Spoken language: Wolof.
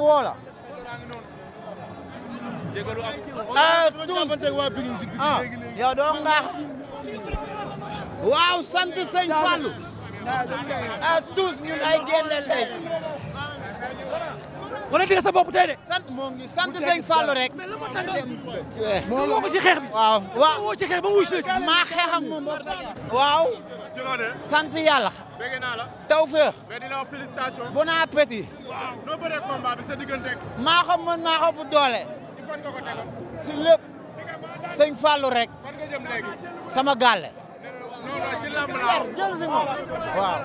woola ah tous ah yow doo ngaax waaw sant sëñ ah tous ñun ay génneel tey wala dégg tudo, bopp tey de. sant moom ni sant sëñ Fallou rek. moom moo ko ci xeex bi. waaw waaw moo ci xeex ba wuyu si la si. maa xeex ak waaw. sant yàlla. tawfeex. bon appétit. maa ko mën maa bu doole. si lépp. sëñ Fallou rek. sama gàlle. waaw.